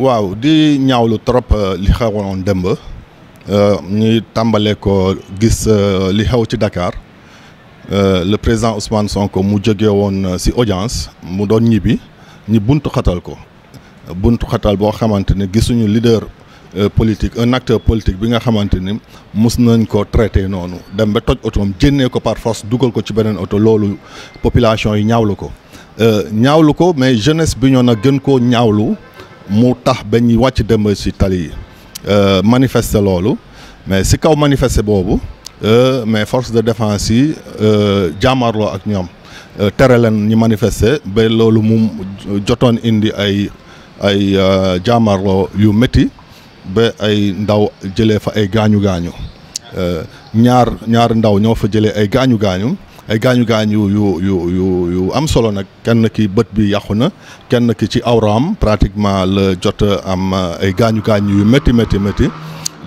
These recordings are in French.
waaw di ñaawlu trop euh, li xewoon démb euh, ñuy tàmbalee ko gis euh, li xew ci Dakar le président Ousmane Sonko mu jóge woon ci audience mu doon ñibbi ñi buntu xatal ko buntu xatal boo xamante ni gisuñu leader politique un acteur politique bi nga xamante ni mus nañ ko traité noonu dem ba toj otoom jénnee ko par force dugal ko ci beneen oto loolu population yi ñaawlu ko ñaawlu ko mais jeunesse bi ñoo na gën koo ñaawlu mu tax ba ñuy wàcc dem si tali euh, manifester loolu mais si kaw manifester boobu euh, mais force de défense yi euh, jaamarloo ak ñoom tere leen ñi manifester ba loolu mu jotoon indi ay ay jaamarloo yu métti ba ay ndaw jëlee fa ay gaañu gaañu ñaar ñaari ndaw ñoo fa jëlee ay gaañu gaañu. ay gaañu gaañ yu yu yu yu yu am solo nag kenn ki bët bi yàqu na kenn ki ci awraam pratiquement la jot am uh, ay gaañu gaañ yu métti métti métti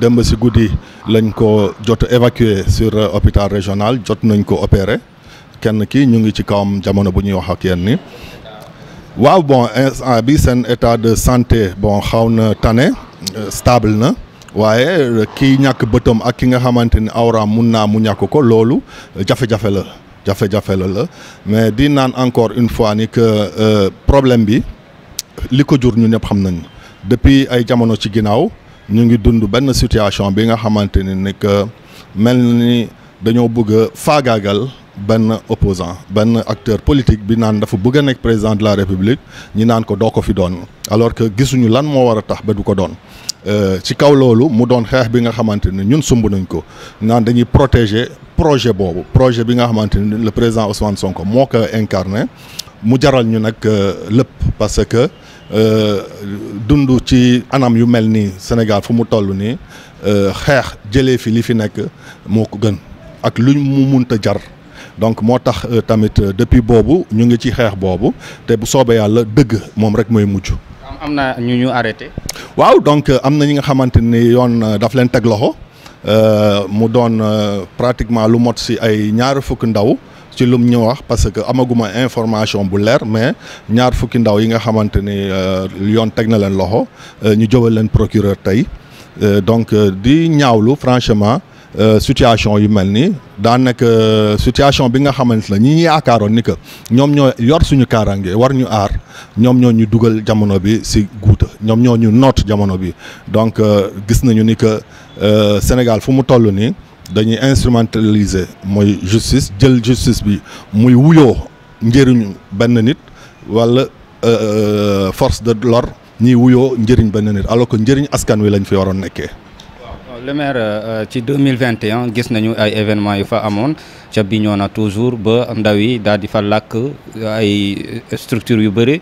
démb si guddi lañ ko jot évacué sur uh, hôpital régional jot nañ ko opéré kenn ki ñu ngi ci kawam jamono bu ñuy wax ak yenn ni waaw bon instant bi seen état de santé bon xaw na tane uh, stable na waaye kii ñàkk bëtam ak ki nga xamante ni awraam mun naa mu ñàkk ko loolu jafe-jafe la jafe fait la la mais di naan encore une fois ni que euh, problème bi liko ko ñu ñëpp xam nañ depuis ay jamono ci ginaaw ñu ngi dund ben situation bi nga xamante ni mel ni dañoo bëgg fagagal. benn opposant bann acteur politique bi naan dafa bëgg a nekk président de la république ñi naan ko doo ko fi doon alors que gisuñu lan moo war a tax ba du ko doon euh, ci kaw loolu mu doon xeex bi nga xamante ne ñun sumb nañ ko naan dañuy protéger projet boobu projet bi nga xamante ne le président Ousmane Sonko moo ko incarné mu jaral ñu nag euh, lépp parce que euh, dund ci anam yu mel nii Sénégal fu mu toll nii xeex jëlee fi li fi nekk moo ko gën ak luñ mu munta jar. donc moi, tax euh, tamit euh, depuis bobu ñu ngi ci xeex bobu té bu soobé yalla dëgg mom rek moy muccu amna ñu ñu arrêté. waaw donc euh, amna ñi nga xamante yoon daf leen teg loxo mu doon pratiquement lu mot si ay ñaar fukk ndaw. ci lum ñu wax parce que amaguma information bu lèr mais ñaar fukki ndaw yi nga xamante ni yoon teg na leen loxo ñu jóbal leen procureur tay donc di ñaawlu franchement Euh, situation yu mel nii daanaka euh, situation bi nga xamante ne ñi ñuy yaakaaroon ni que ñoom ñoo yor suñu kaaraange war ñu aar ñoom ñoo ñu dugal jamono bi si guuta ñoom ñoo ñu noot jamono bi donc euh, gis nañu ni que Sénégal fu mu toll nii dañuy instrumentaliser mooy justice jël justice bi muy wuyoo njëriñu benn nit walla force de l'ordre ñiy wuyoo njëriñ benn nit alors que njëriñ askan wi lañ fi waroon nekkee. Euh, le maire euh, euh, ci 2021 gis nañu ay événements yu fa amoon ca Bignona toujours ba ndaw yi daal di fa làkk ay structures yu bëri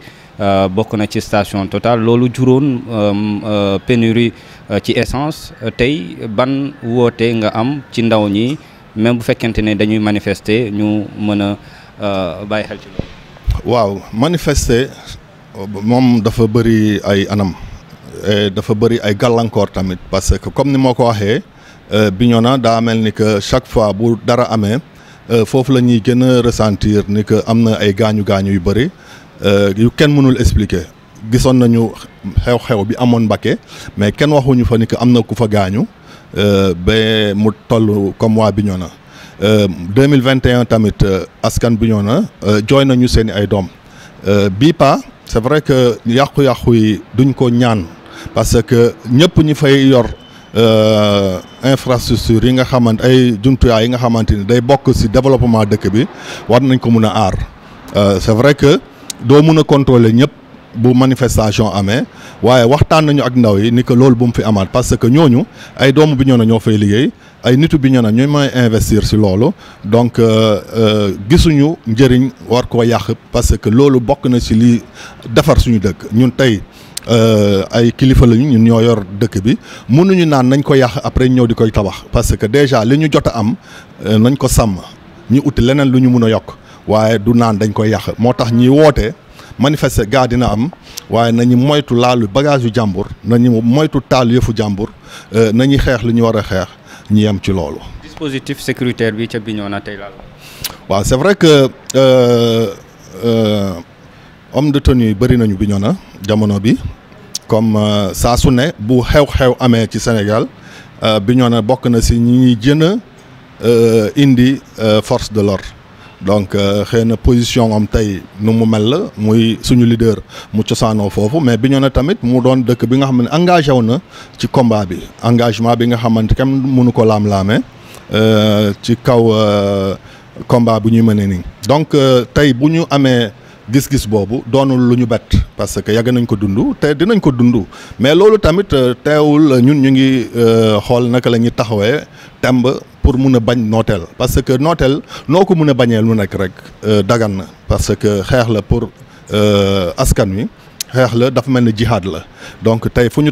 bokk ci station Total loolu juróon pénurie ci essence tey ban woote nga am ci ndaw ñi même bu fekkente ne dañuy manifester ñu mën a bàyyi xel ci loolu. waaw manifester moom dafa bëri ay anam. Eh, dafa bëri ay gàllankoor tamit parce que comme ni moko waxé waxee eh, Bignona nique que chaque fois bu dara amé eh, foofu la ñuy ressentir ni que amna ay gañu gañu yu euh yu kenn mënul expliquer gisoon nañu xew-xew bi amoon Mbacké mais kenn waxuñu fa ni que amna ku fa euh ba mu toll comme biñona euh 2021 tamit askan biñona jooy nañu seen ay dom euh bi pa c'est vrai que yàqu-yàqu yi duñ ko ñaan parce que ñëpp ñi fay yor euh infrastructure yi nga xamante ay jumtuwaay yi nga xamanteni day bok ci développement dëkk bi war nañ ko mëna ar aar euh, c'est vrai que do mëna contrôler ñëpp bu manifestation amé waye waxtaan nañu ak ndaw yi ni que lool bu mu fi amaat parce que ñooñu ay doomu bi ñoo na ñoo fay liggéey ay nitu bi ñoo na may investir ci loolu donc euh, euh gisuñu njëriñ war ko yàq parce que loolu bokk na ci li défar suñu dëkk ñun tay Euh, ay kilifa lañu ñun ñoo yor dëkk bi mënuñu naan nañ ko yàq après ñëw di koy tabax parce que déjà li ñu jot am euh, nañ ko sàmm ñu uti leneen lu ñu mun a yokk waaye du naan dañ koy yàq moo tax ñuy woote manifester gaa dina am waaye nañu moytu laalu bagage yu jàmbur nañu moytu taal yëfu jàmbur euh, nañuy xeex li ñu war a xeex ñu yem ci loolu. dispositif sécuritaire bi ca Bignona tey laal. waaw c'est vrai que. homme de tenue yi nañu bi ñoo jamono bi comme euh, sa su bu xew-xew amee ci Sénégal euh, bi ñoo na bokk na ci ñi jën euh, indi force de l'ordre donc xëy position am tay nu mu mel la muy suñu leader mu cosaanoo fofu mais bi ñoo tamit mu doon dëkk bi nga xam engagé wu ci combat bi engagement bi nga xamante kenn mënu ko laam-laamee ci kaw combat bu ñuy mënee ni donc tay bu ñu amé gis-gis donnez doonul parce que yàgg nañ ko dund te dinañ ko dund mais loolu tamit euh, teewul euh, ñun ñu ngi euh, naka pour bañ parce que Notel noo ko dagan parce que xeex la pour askan wi xeex la donc tey fu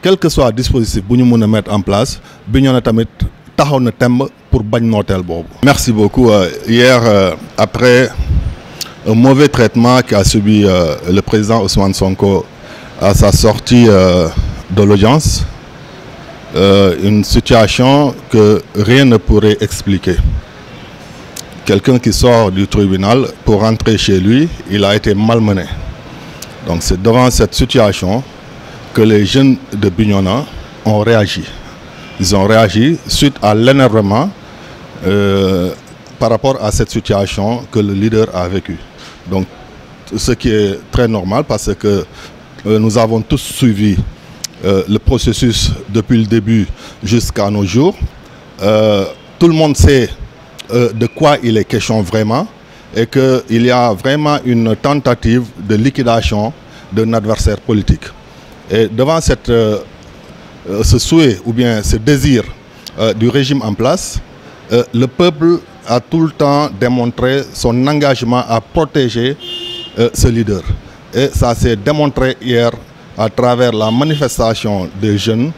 quel que soit dispositif bu ñu mettre en place bi tamit taxaw na pour bañ Notel boobu. merci beaucoup hier après un mauvais traitement qu'a subi euh, le président Ousmane Sonko à sa sortie euh, de l'audience. Euh, une situation que rien ne pourrait expliquer. Quelqu'un qui sort du tribunal pour rentrer chez lui, il a été malmené. Donc c'est devant cette situation que les jeunes de Bignona ont réagi. Ils ont réagi suite à l'énervement par rapport à cette situation que le leader a vécue. Donc, ce qui est très normal parce que euh, nous avons tous suivi euh, le processus depuis le début jusqu'à nos jours. Euh, tout le monde sait de quoi il est question vraiment et qu'il y a vraiment une tentative de liquidation d'un adversaire politique. Et devant cette, ce souhait ou bien ce désir du régime en place, le peuple a tout le temps démontré son engagement à protéger euh, ce leader. Et ça s'est démontré hier à travers la manifestation des jeunes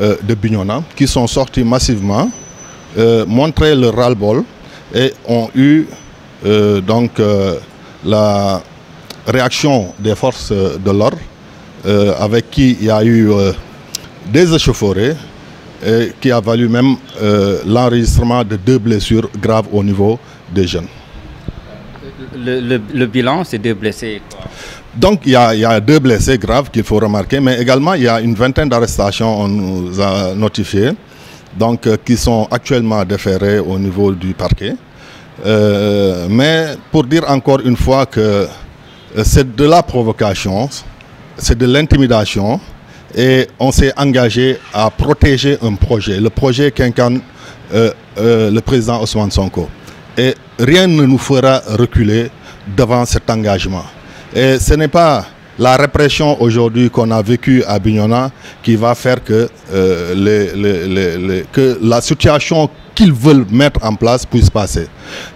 euh, de Bignona qui sont sortis massivement, euh, le ras-le-bol et ont eu euh, donc la réaction des forces de l'ordre avec qui il y a eu des échauffourées, qui a valu même euh, l'enregistrement de deux blessures graves au niveau des jeunes. Le, bilan, c'est deux blessés. Donc il y, a, deux blessés graves qu'il faut remarquer, mais également il y a une vingtaine d'arrestations, on nous a notifié, donc, euh, qui sont actuellement déférées au niveau du parquet. Euh, mais pour dire encore une fois que c'est de la provocation, c'est de l'intimidation, et on s'est engagé à protéger un projet, le projet qu'incarne euh, euh, le président Ousmane Sonko. Et rien ne nous fera reculer devant cet engagement. Et ce n'est pas la répression aujourd'hui qu'on a vécue à Bignona qui va faire que, euh, les, que la situation qu'ils veulent mettre en place puisse passer.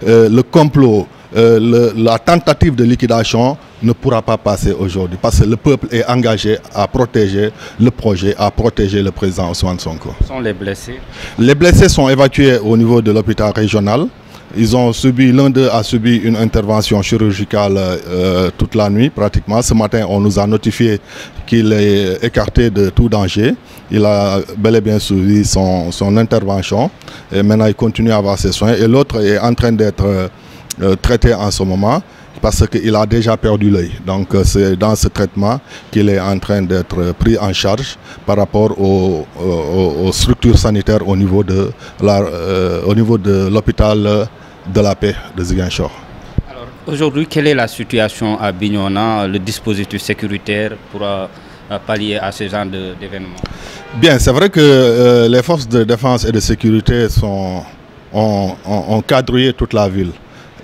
le complot, euh, la tentative de liquidation ne pourra pas passer aujourd'hui parce que le peuple est engagé à protéger le projet, à protéger le président Ousmane Sonko. Sont les blessés Les blessés sont évacués au niveau de l'hôpital régional. Ils ont subi, l'un d'eux a subi une intervention chirurgicale euh, toute la nuit pratiquement. Ce matin, on nous a notifié qu'il est écarté de tout danger. Il a bel et bien suivi son, intervention et maintenant il continue à avoir ses soins. Et l'autre est en train d'être... Euh, traité en ce moment parce qu'il a déjà perdu l'œil. Donc euh, c'est dans ce traitement qu'il est en train d'être pris en charge par rapport aux, structures sanitaires au niveau de euh, de l'hôpital de la paix de Alors Aujourd'hui, quelle est la situation à Bignona, le dispositif sécuritaire pour euh, pallier à ce genre d'événements Bien, c'est vrai que les forces de défense et de sécurité sont, ont, ont, toute la ville.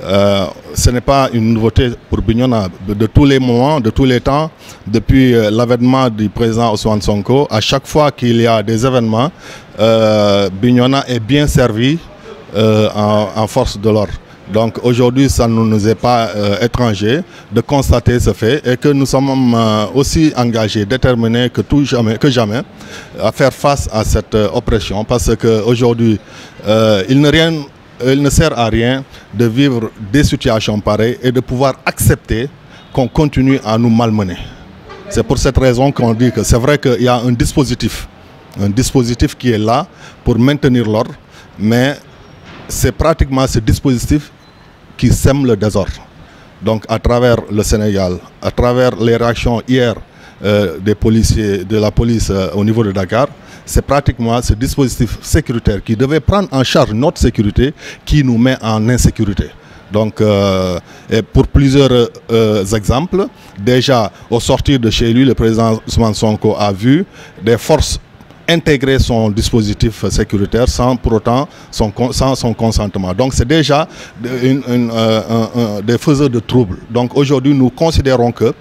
Euh, ce n'est pas une nouveauté pour Bignona. De tous les moments, de tous les temps, depuis euh, l'avènement du président Ousmane Sonko, à chaque fois qu'il y a des événements, euh, Bignona est bien servi en, force de l'ordre. Donc aujourd'hui, ça ne nous est pas étranger de constater ce fait et que nous sommes aussi engagés, déterminés que, jamais, que jamais à faire face à cette oppression parce qu'aujourd'hui, il ne rien il ne sert à rien de vivre des situations pareilles et de pouvoir accepter qu'on continue à nous malmener. C'est pour cette raison qu'on dit que c'est vrai qu'il y a un dispositif, un dispositif qui est là pour maintenir l'ordre, mais c'est pratiquement ce dispositif qui sème le désordre. Donc à travers le Sénégal, à travers les réactions hier euh, des policiers, de la police euh, au niveau de Dakar, c'est pratiquement ce dispositif sécuritaire qui devait prendre en charge notre sécurité qui nous met en insécurité. Donc, euh, et pour plusieurs euh, exemples, déjà au sortir de chez lui, le président Ousmane Sonko a vu des forces intégrer son dispositif sécuritaire sans pour autant son, sans son consentement. Donc c'est déjà une, euh, des faiseurs de troubles. Donc aujourd'hui nous considérons que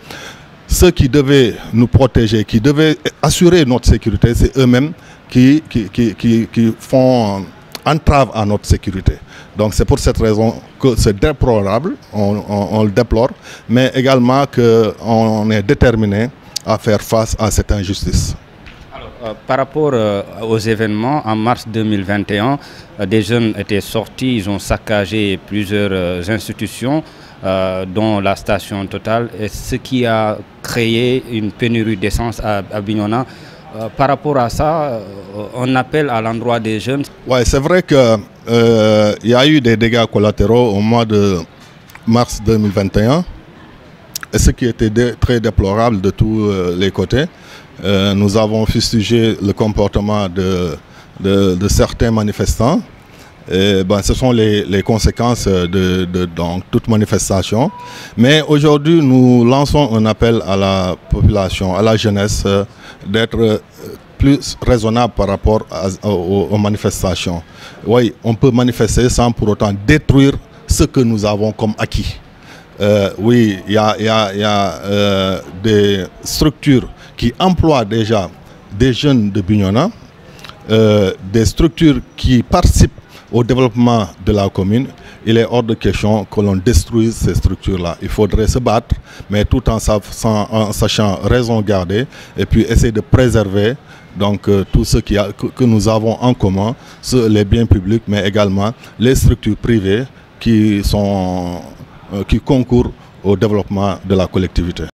ceux qui devaient nous protéger, qui devaient assurer notre sécurité, c'est eux-mêmes qui, qui, font entrave à notre sécurité. Donc c'est pour cette raison que c'est déplorable, on, le déplore, mais également qu'on est déterminé à faire face à cette injustice. Euh, par rapport euh, aux événements, en mars 2021, euh, des jeunes étaient sortis, ils ont saccagé plusieurs institutions. Euh, dans la station totale, et ce qui a créé une pénurie d'essence à, Bignona. Euh, par rapport à ça, euh, on appelle à l'endroit des jeunes. Oui, c'est vrai qu'il y a eu des dégâts collatéraux au mois de mars 2021, et ce qui était très déplorable de tous les côtés. nous avons fustigé le comportement de, de certains manifestants ben, ce sont les, conséquences euh, de, donc, toute manifestation. Mais aujourd'hui, nous lançons un appel à la population, à la jeunesse, euh, d'être euh, plus raisonnable par rapport aux, manifestations. Oui, on peut manifester sans pour autant détruire ce que nous avons comme acquis. oui, il y a, des structures qui emploient déjà des jeunes de Bignona, des structures qui participent au développement de la commune, il est hors de question que l'on détruise ces structures-là. Il faudrait se battre, mais tout en, sachant raison garder et puis essayer de préserver donc euh, tout ce qui que, nous avons en commun, les biens publics, mais également les structures privées qui, sont, euh, qui concourent au développement de la collectivité.